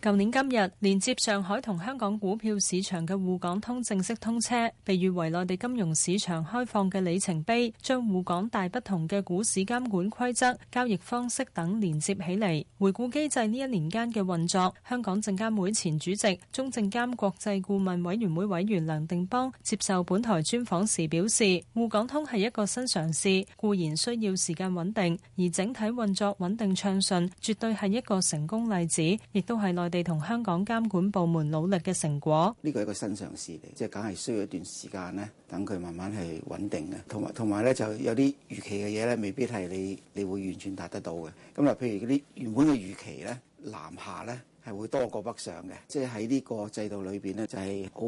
舊年今日，連接上海同香港股票市場嘅滬港通正式通車，被譽為內地金融市場開放嘅里程碑，將滬港大不同嘅股市監管規則、交易方式等連接起嚟。回顧機制呢一年間嘅運作，香港證監會前主席、中證監國際顧問委員會委員梁定邦接受本台專訪時表示，滬港通係一個新嘗試，固然需要時間穩定，而整體運作穩定暢順，絕對係一個成功例子，亦都係內我哋同香港監管部門努力嘅成果，呢個係一個新嘗試嚟，即係梗係需要一段時間咧，等佢慢慢去穩定嘅。同埋同埋咧，就有啲預期嘅嘢咧，未必係你你會完全達得到嘅。咁啊，譬如嗰啲原本嘅預期咧，南下咧。係會多過北上嘅，即係喺呢個制度裏邊咧，就係好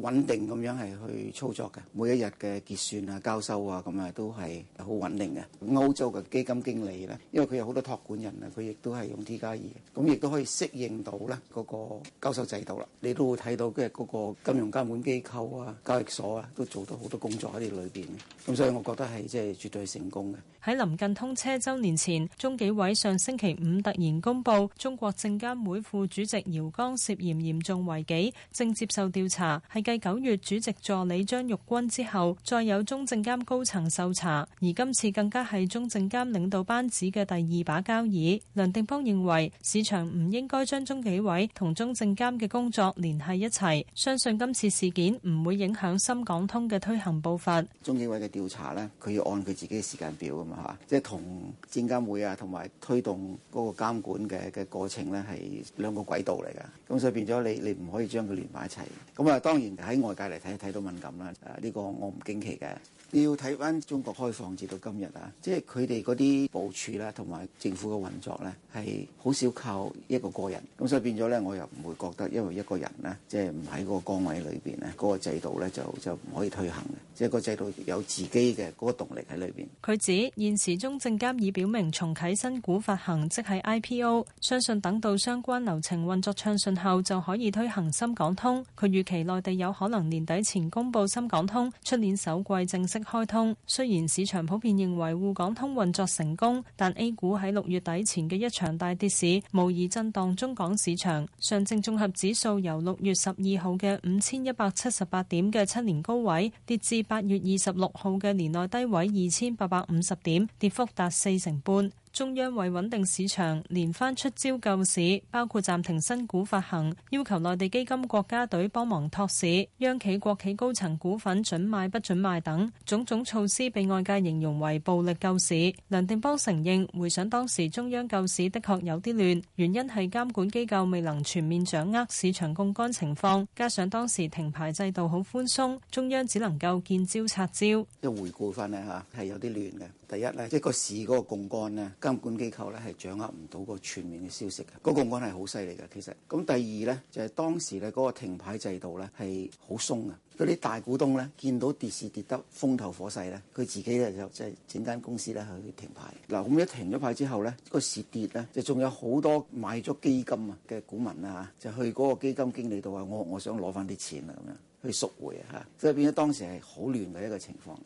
穩定咁樣係去操作嘅。每一日嘅結算啊、交收啊咁啊，都係好穩定嘅。歐洲嘅基金經理咧，因為佢有好多託管人啊，佢亦都係用 T 加二，咁亦都可以適應到咧嗰個交收制度啦。你都會睇到嘅嗰個金融監管機構啊、交易所啊，都做到好多工作喺呢裏邊嘅。咁所以我覺得係即係絕對成功嘅。喺臨近通車週年前，中紀委上星期五突然公佈中國證監會副副主席姚剛涉嫌嚴重違紀，正接受調查，係繼九月主席助理張玉軍之後，再有中證監高層受查，而今次更加係中證監領導班子嘅第二把交椅。梁定邦認為市場唔應該將中紀委同中證監嘅工作聯繫一齊，相信今次事件唔會影響深港通嘅推行步伐。中紀委嘅調查咧，佢要按佢自己嘅時間表噶嘛，吓、就是，即係同證監會啊，同埋推動嗰個監管嘅嘅過程咧係。兩個軌道嚟噶，咁所以變咗你你唔可以將佢連埋一齊。咁啊，當然喺外界嚟睇睇到敏感啦。誒，呢個我唔驚奇嘅。你要睇返中國開放至到今日啊，即係佢哋嗰啲部署啦，同埋政府嘅運作咧，係好少靠一個個人。咁所以變咗咧，我又唔會覺得，因為一個人咧，即係唔喺嗰個崗位裏邊咧，嗰個制度咧就就唔可以推行嘅。即係個制度有自己嘅嗰個動力喺裏邊。佢指現時中證監已表明重啟新股發行，即係 IPO。相信等到相關流程運作暢順後，就可以推行深港通。佢預期內地有可能年底前公布深港通，出年首季正式開通。雖然市場普遍認為滬港通運作成功，但 A 股喺六月底前嘅一場大跌市，無疑震盪中港市場。上證綜合指數由六月十二號嘅五千一百七十八點嘅七年高位跌至。八月二十六號嘅年內低位二千八百五十點，跌幅達四成半。中央為穩定市場，連番出招救市，包括暫停新股發行、要求內地基金國家隊幫忙托市、央企國企高層股份準買不準賣等，種種措施被外界形容為暴力救市。梁定邦承認，回想當時中央救市，的確有啲亂，原因係監管機構未能全面掌握市場槓桿情況，加上當時停牌制度好寬鬆，中央只能夠見招拆招。一回顧翻呢吓，係有啲亂嘅。第一呢，即係個市嗰個槓桿監管機構咧係掌握唔到個全面嘅消息嘅，嗰、那個案係好犀利嘅。其實，咁第二咧就係、是、當時咧嗰個停牌制度咧係好鬆嘅。嗰啲大股東咧，見到跌市跌得風頭火勢咧，佢自己咧就即、是、係整間公司咧去停牌。嗱、啊，咁一停咗牌之後咧，個市跌咧，就仲有好多買咗基金啊嘅股民啊嚇，就去嗰個基金經理度話：我我想攞翻啲錢啊咁樣去贖回啊嚇，所以變咗當時係好亂嘅一個情況。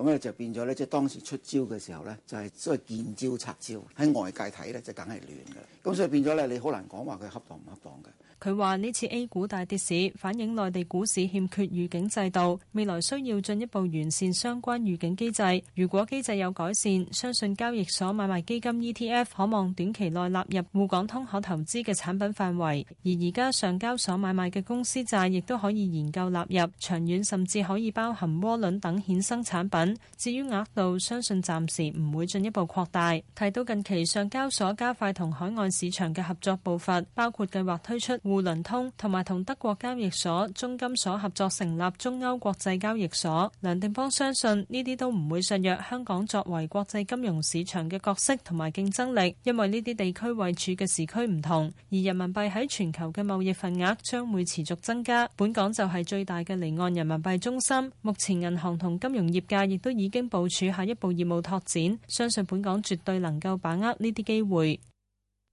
咁咧就變咗咧，即、就、係、是、當時出招嘅時候咧，就係、是、所謂見招拆招。喺外界睇咧，就梗係亂㗎。咁所以變咗咧，你好難講話佢恰當唔恰當嘅。佢話：呢次 A 股大跌市反映內地股市欠缺預警制度，未來需要進一步完善相關預警機制。如果機制有改善，相信交易所買賣基金 ETF 可望短期內納入滬港通可投資嘅產品範圍，而而家上交所買賣嘅公司債亦都可以研究納入，長遠甚至可以包含窩輪等衍生產品。至於額度，相信暫時唔會進一步擴大。提到近期上交所加快同海外市場嘅合作步伐，包括計劃推出。滬倫通同埋同德國交易所、中金所合作成立中歐國際交易所。梁定邦相信呢啲都唔會削弱香港作為國際金融市場嘅角色同埋競爭力，因為呢啲地區位處嘅時區唔同，而人民幣喺全球嘅貿易份額將會持續增加。本港就係最大嘅離岸人民幣中心，目前銀行同金融業界亦都已經部署下一步業務拓展，相信本港絕對能夠把握呢啲機會。